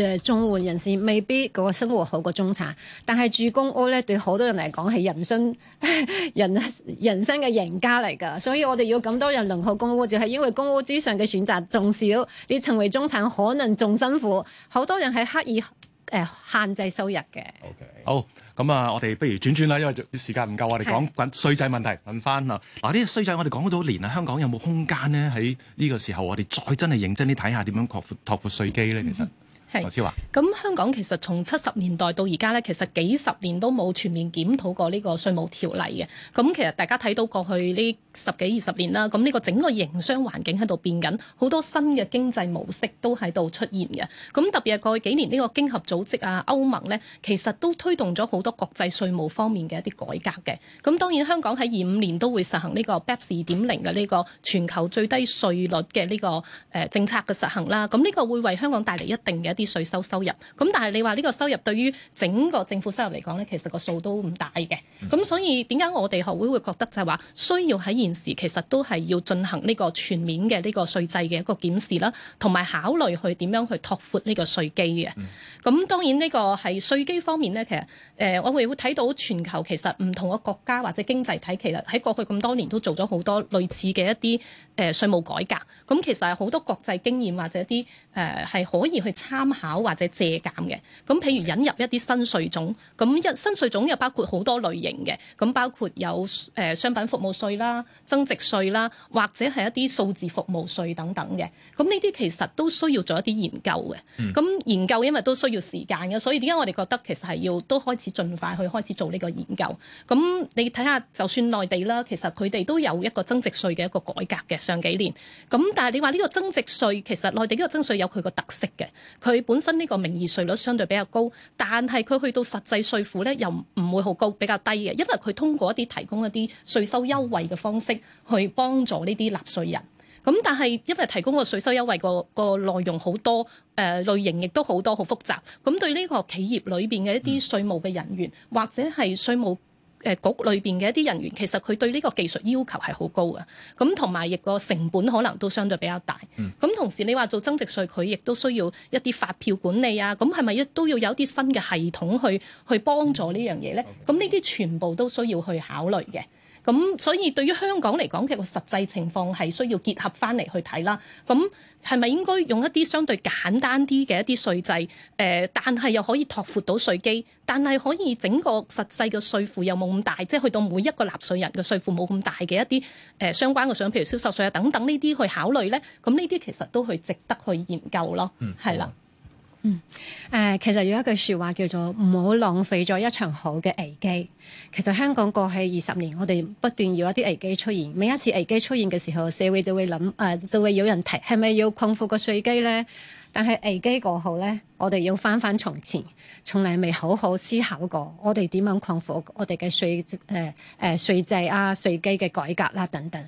呃、中戶人士未必個生活好過中產，但係住公屋咧對好多人嚟講係人生 人人生嘅贏家嚟㗎，所以我哋要咁多人輪候公屋就係、是、因為公屋之上嘅選擇仲少，你成為中產可能仲辛苦，好多人係刻意。誒、呃、限制收入嘅。OK。好，咁啊，我哋不如轉轉啦，因為時間唔夠，的我哋講緊稅制問題，問翻啊。嗱，呢個稅制我哋講咗好多年啦，香港有冇空間咧？喺呢個時候，我哋再真係認真啲睇下點樣擴闊擴闊稅基咧？其實。Mm hmm. 劉昭華，咁香港其實從七十年代到而家咧，其實幾十年都冇全面檢討過呢個稅務條例嘅。咁其實大家睇到過去呢十幾二十年啦，咁呢個整個營商環境喺度變緊，好多新嘅經濟模式都喺度出現嘅。咁特別係過去幾年呢個經合組織啊、歐盟呢，其實都推動咗好多國際稅務方面嘅一啲改革嘅。咁當然香港喺二五年都會實行呢個 BEPS 二點零嘅呢個全球最低稅率嘅呢、呢個誒、呃、政策嘅實行啦。咁呢個會為香港帶嚟一定嘅一啲啲稅收收入，咁但係你話呢個收入對於整個政府收入嚟講咧，其實個數都唔大嘅。咁、mm hmm. 所以點解我哋學會會覺得就係話，需要喺現時其實都係要進行呢個全面嘅呢個稅制嘅一個檢視啦，同埋考慮去點樣去拓闊呢個稅基嘅。咁、mm hmm. 當然呢個係稅基方面咧，其實誒我會會睇到全球其實唔同嘅國家或者經濟體，其實喺過去咁多年都做咗好多類似嘅一啲誒稅務改革。咁其實係好多國際經驗或者一啲。誒係可以去參考或者借鑑嘅，咁譬如引入一啲新稅種，咁新稅種又包括好多類型嘅，咁包括有誒、呃、商品服務稅啦、增值稅啦，或者係一啲數字服務稅等等嘅，咁呢啲其實都需要做一啲研究嘅。咁、嗯、研究因為都需要時間嘅，所以點解我哋覺得其實係要都開始盡快去開始做呢個研究。咁你睇下就算內地啦，其實佢哋都有一個增值稅嘅一個改革嘅上幾年，咁但係你話呢個增值稅其實內地呢個增值稅。有佢個特色嘅，佢本身呢個名義稅率相對比較高，但係佢去到實際稅負呢，又唔會好高，比較低嘅，因為佢通過一啲提供一啲稅收優惠嘅方式去幫助呢啲納稅人。咁但係因為提供個稅收優惠個個內容好多，誒、呃、類型亦都好多，好複雜。咁對呢個企業裏邊嘅一啲稅務嘅人員、嗯、或者係稅務。誒、局裏邊嘅一啲人員，其實佢對呢個技術要求係好高嘅，咁同埋亦個成本可能都相對比較大。咁、嗯、同時你話做增值稅，佢亦都需要一啲發票管理啊，咁係咪要都要有啲新嘅系統去去幫助呢樣嘢咧？咁呢啲全部都需要去考慮嘅。咁、嗯、所以對於香港嚟講，其實個實際情況係需要結合翻嚟去睇啦。咁係咪應該用一啲相對簡單啲嘅一啲稅制？誒、呃，但係又可以拓闊到稅基，但係可以整個實際嘅稅負又冇咁大，即係去到每一個納稅人嘅稅負冇咁大嘅一啲誒、呃、相關嘅稅，譬如銷售稅啊等等呢啲去考慮咧。咁呢啲其實都去值得去研究咯。係啦。嗯嗯，誒，其實有一句說話叫做唔好浪費咗一場好嘅危機。其實香港過去二十年，我哋不斷有一啲危機出現。每一次危機出現嘅時候，社會就會諗，誒、呃，就會有人提，係咪要擴闊個稅基咧？但係危機過後咧，我哋要翻翻從前，從來未好好思考過我哋點樣擴闊我哋嘅稅誒誒稅制啊、稅基嘅改革啦、啊、等等。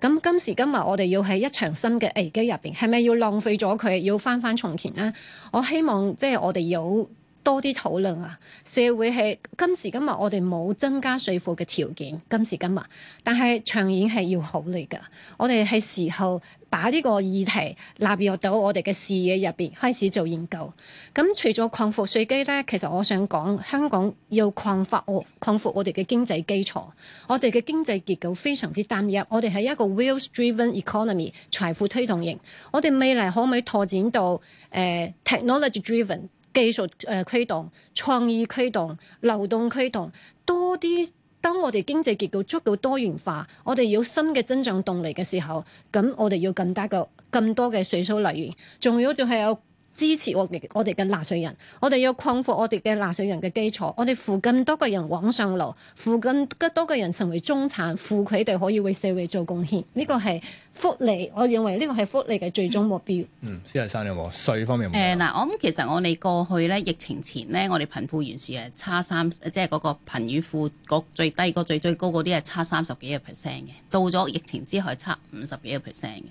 咁、嗯、今時今日我哋要喺一場新嘅危機入邊，係咪要浪費咗佢？要翻翻從前咧？我希望即係、就是、我哋有。多啲討論啊！社會係今時今日我哋冇增加稅負嘅條件，今時今日，但係長遠係要考慮噶。我哋係時候把呢個議題納入到我哋嘅視野入邊，開始做研究。咁除咗擴闊稅基咧，其實我想講香港要擴闊我擴闊我哋嘅經濟基礎。我哋嘅經濟結構非常之單一，我哋係一個 wealth driven economy 財富推動型。我哋未來可唔可以拓展到誒、呃、technology driven？技術誒驅動、創意驅動、流動驅動，多啲。當我哋經濟結構足夠多元化，我哋有新嘅增長動力嘅時候，咁我哋要更加夠更多嘅稅收來源。仲要就係有。支持我哋我哋嘅納稅人，我哋要擴闊我哋嘅納稅人嘅基礎，我哋扶更多嘅人往上流，扶更多嘅人成為中產，扶佢哋可以為社會做貢獻，呢、這個係福利。我認為呢個係福利嘅最終目標。嗯，施、嗯、生有冇稅方面有有？誒嗱、呃呃，我諗其實我哋過去咧疫情前咧，我哋貧富懸殊係差三，即係嗰個貧與富最低嗰最低最高嗰啲係差三十幾個 percent 嘅。到咗疫情之後，係差五十幾個 percent 嘅。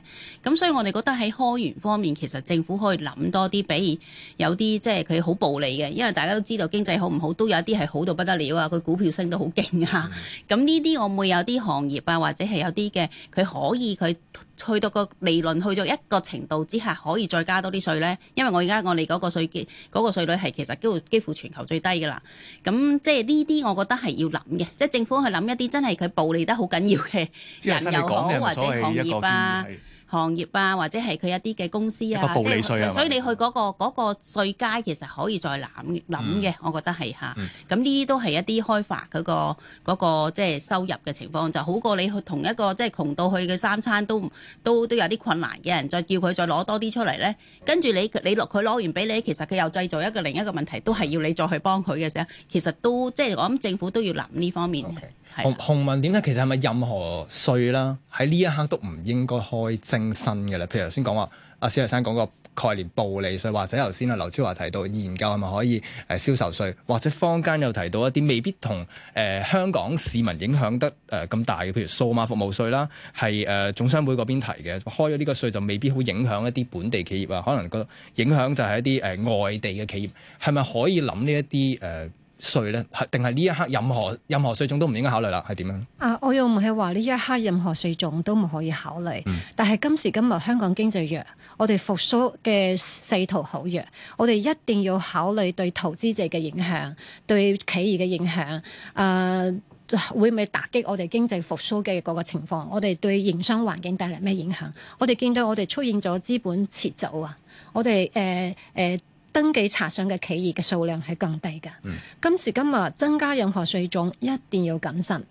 咁所以我哋覺得喺開源方面，其實政府可以諗多啲。比有啲即係佢好暴利嘅，因為大家都知道經濟好唔好，都有一啲係好到不得了啊！佢股票升得好勁啊！咁呢啲我會有啲行業啊，或者係有啲嘅，佢可以佢去到個利潤去到一個程度之下，可以再加多啲稅咧。因為我而家我哋嗰個稅嘅嗰個稅率係其實幾乎幾乎全球最低噶啦。咁即係呢啲我覺得係要諗嘅，即係政府去諗一啲真係佢暴利得好緊要嘅人又好或者行業啊。行業啊，或者係佢一啲嘅公司啊，啊即係所以你去嗰、嗰個嗰、嗯、個稅階，其實可以再諗諗嘅，嗯、我覺得係嚇。咁呢啲都係一啲開發嗰、嗰個嗰、嗰個即係、即係、收入嘅情況，就好過你去同一個即係、即係、窮到去嘅三餐都都都，都有啲困難嘅人，再叫佢再攞多啲出嚟咧。跟住你你落佢攞完俾你，其實佢又製造一個另一個問題，都係要你再去幫佢嘅時候。其實都即係、即係、我諗政府都要諗呢方面。Okay. 洪洪雯，點解其實係咪任何稅啦？喺呢一刻都唔應該開徵新嘅啦。譬如頭先講話，阿、啊、施先生講個概念暴利稅，或者頭先阿劉昭華提到研究係咪可以誒銷售稅，或者坊間又提到一啲未必同誒、呃、香港市民影響得誒咁、呃、大嘅，譬如數碼服務稅啦，係誒、呃、總商會嗰邊提嘅，開咗呢個稅就未必好影響一啲本地企業啊。可能個影響就係一啲誒、呃、外地嘅企業，係咪可以諗呢一啲誒？呃稅咧，定係呢一刻任何任何稅種都唔應該考慮啦，係點樣？啊，我又唔係話呢一刻任何稅種都唔可以考慮，嗯、但係今時今日香港經濟弱，我哋復蘇嘅勢頭好弱，我哋一定要考慮對投資者嘅影響，對企業嘅影響，誒、呃、會唔會打擊我哋經濟復蘇嘅嗰個情況？我哋對營商環境帶嚟咩影響？我哋見到我哋出現咗資本撤走啊，我哋誒誒。呃呃呃登記查詢嘅企業嘅數量係更低㗎。嗯、今時今日增加任何稅種，一定要謹慎，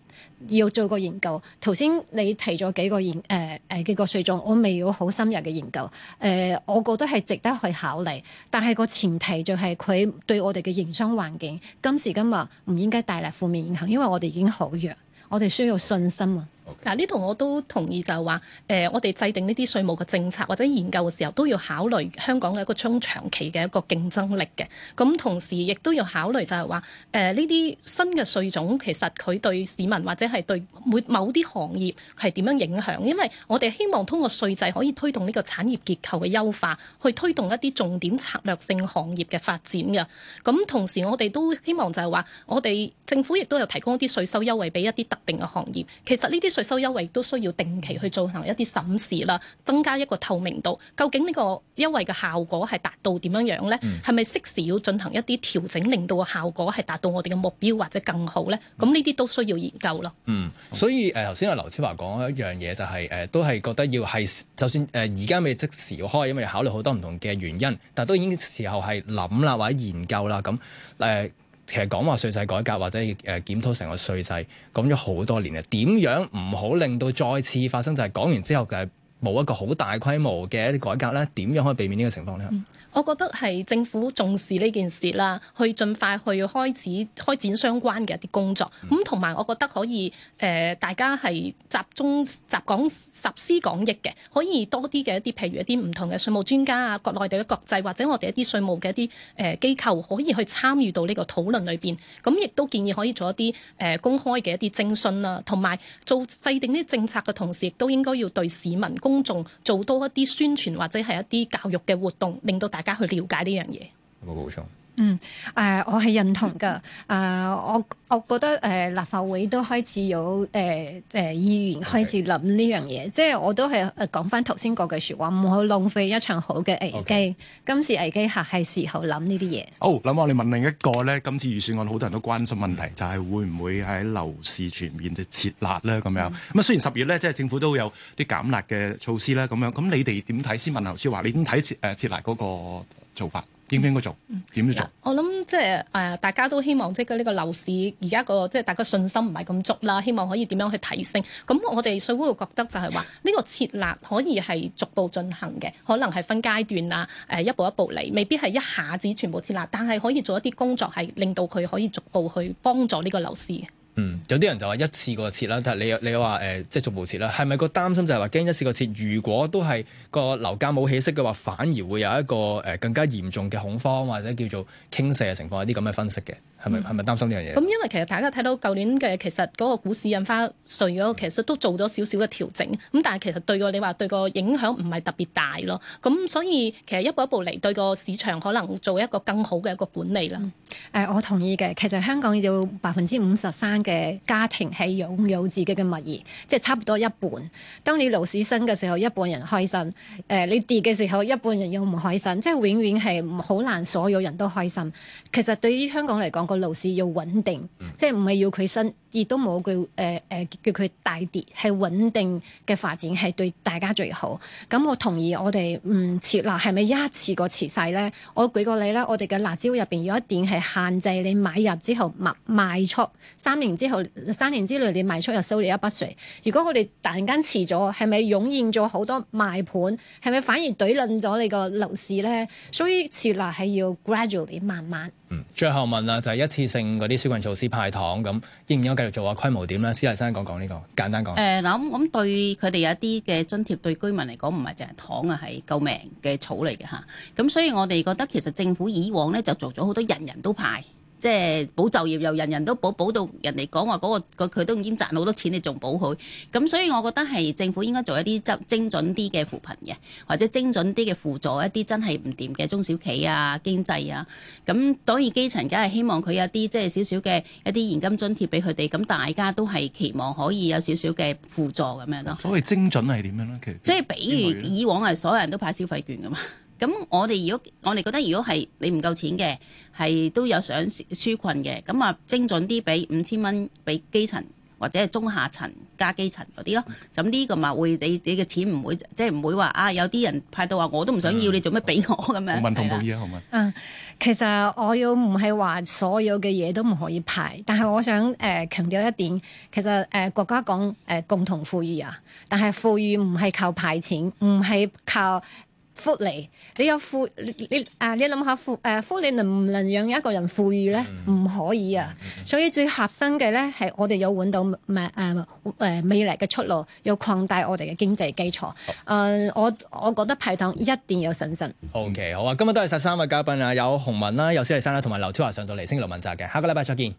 要做個研究。頭先你提咗幾個研誒誒幾個稅種，我未有好深入嘅研究。誒、呃，我覺得係值得去考慮，但係個前提就係佢對我哋嘅營商環境今時今日唔應該帶嚟負面影響，因為我哋已經好弱，我哋需要信心啊。嗱，呢度 Okay. 我都同意就係話誒我哋制定呢啲稅務嘅政策或者研究嘅時候，都要考慮香港嘅一個中長期嘅一個競爭力嘅。咁同時亦都要考慮就係話誒呢啲新嘅稅種其實佢對市民或者係對每某啲行業係點樣影響，因為我哋希望通過稅制可以推動呢個產業結構嘅優化，去推動一啲重點策略性行業嘅發展嘅。咁同時我哋都希望就係話我哋政府亦都有提供一啲稅收優惠俾一啲特定嘅行業，其實呢啲稅收優惠都需要定期去進行一啲審視啦，增加一個透明度。究竟呢個優惠嘅效果係達到點樣樣咧？係咪、嗯、適時要進行一啲調整，令到個效果係達到我哋嘅目標或者更好咧？咁呢啲都需要研究咯。嗯，所以誒頭先阿劉昭華講一樣嘢就係、是、誒、呃，都係覺得要係就算誒而家未即時要開，因為考慮好多唔同嘅原因，但都已經時候係諗啦或者研究啦咁誒。其實講話稅制改革或者係誒檢討成個稅制，講咗好多年啦。點樣唔好令到再次發生就係、是、講完之後就係。冇一個好大規模嘅一啲改革呢點樣可以避免呢個情況呢、嗯？我覺得係政府重視呢件事啦，去盡快去開始開展相關嘅一啲工作。咁同埋，我覺得可以誒、呃，大家係集中集講集思廣益嘅，可以多啲嘅一啲，譬如一啲唔同嘅稅務專家啊，國內地嘅國際或者我哋一啲稅務嘅一啲誒機構，可以去參與到呢個討論裏邊。咁亦都建議可以做一啲誒、呃、公開嘅一啲徵詢啦，同埋做制定呢啲政策嘅同時，亦都應該要對市民，公眾做多一啲宣傳或者係一啲教育嘅活動，令到大家去了解呢樣嘢。冇補充。 嗯，誒、呃，我係認同㗎。誒、呃，我我覺得誒、呃、立法會都開始有誒誒、呃呃、議員開始諗呢樣嘢，Okay. 即係我都係誒講翻頭先嗰句説話，唔好浪費一場好嘅危機。Okay. 今次危機下係時候諗呢啲嘢。好，諗下你問另一個咧，今次預算案好多人都關心問題，就係、是、會唔會喺樓市全面就撤辣咧咁樣。咁啊、嗯，雖然十月咧即係政府都有啲減辣嘅措施啦咁樣，咁你哋點睇先？問劉昭華，你點睇撤誒撤辣嗰個做法？點都應該做，點都做。我諗即係誒，大家都希望即係呢個樓市而家個即係大家信心唔係咁足啦，希望可以點樣去提升。咁我哋稅會會覺得就係話呢個撤辣可以係逐步進行嘅，可能係分階段啊，誒、呃、一步一步嚟，未必係一下子全部撤辣，但係可以做一啲工作係令到佢可以逐步去幫助呢個樓市。嗯，有啲人就話一次過切啦，但係你你話誒即係逐步切啦，係咪個擔心就係話驚一次過切，如果都係個樓價冇起色嘅話，反而會有一個誒、呃、更加嚴重嘅恐慌或者叫做傾瀉嘅情況，有啲咁嘅分析嘅。係咪係咪擔心呢樣嘢？咁、嗯、因為其實大家睇到舊年嘅其實嗰個股市印花稅嗰個，嗯、其實都做咗少少嘅調整。咁但係其實對個你話對個影響唔係特別大咯。咁所以其實一步一步嚟對個市場可能做一個更好嘅一個管理啦。誒、嗯呃，我同意嘅。其實香港有百分之五十三嘅家庭係擁有自己嘅物業，即係差唔多一半。當你樓市升嘅時候，一半人開心；誒、呃，你跌嘅時候，一半人又唔開心。即係永遠係好難，所有人都開心。其實對於香港嚟講，個樓市要穩定，嗯、即係唔係要佢升，亦都冇、呃、叫誒誒叫佢大跌，係穩定嘅發展係對大家最好。咁我同意我，我哋唔撤辣係咪一次過撤晒咧？我舉個例啦，我哋嘅辣招入邊有一點係限制你買入之後賣賣，賣出，三年之後，三年之內你賣出又收你一筆稅。如果我哋突然間撤咗，係咪湧現咗好多賣盤？係咪反而懟冧咗你個樓市咧？所以撤辣係要 gradually 慢慢。嗯，最後問啊，就係、是、一次性嗰啲紓困措施派糖咁，應唔應該繼續做？下規模點咧？施麗珊講講、這、呢個，簡單講、這個。誒、呃，嗱咁咁對佢哋有一啲嘅津貼，對居民嚟講唔係淨係糖啊，係救命嘅草嚟嘅嚇。咁所以我哋覺得其實政府以往咧就做咗好多人人都派。即係保就業又人人都保，保到人哋講話嗰個佢都已經賺好多錢，你仲保佢？咁所以我覺得係政府應該做一啲精精準啲嘅扶貧嘅，或者精準啲嘅輔助一啲真係唔掂嘅中小企啊、經濟啊。咁當然基層梗係希望佢有啲即係少少嘅一啲、就是、現金津貼俾佢哋。咁大家都係期望可以有少少嘅輔助咁樣咯。所謂精準係點樣咧？其實即係比如以往係所有人都派消費券噶嘛。咁我哋如果我哋覺得如果係你唔夠錢嘅，係都有想紓困嘅，咁啊精準啲俾五千蚊俾基層或者係中下層加基層嗰啲咯。咁呢、嗯、個咪會自己嘅錢唔會即係唔會話啊有啲人派到話我都唔想要，嗯、你做咩俾我咁樣？共同富裕啊，好唔好？嗯，其實我要唔係話所有嘅嘢都唔可以派，但係我想誒強調一點，其實誒國家講誒共同富裕啊，但係富裕唔係靠派錢，唔係靠。福利，你有富你啊？你諗下富誒富，你、啊、能唔能讓一個人富裕咧？唔、嗯、可以啊！嗯嗯、所以最核心嘅咧，係我哋要揾到誒誒未來嘅出路，要擴大我哋嘅經濟基礎。誒、呃，我、呃呃呃呃、我覺得派糖一定要有信心。O K，好啊、嗯！今日多謝三位嘉賓啊，有洪雯啦，有施麗珊啦，同埋劉昭華上到嚟，星期六問責嘅。下個禮拜再見。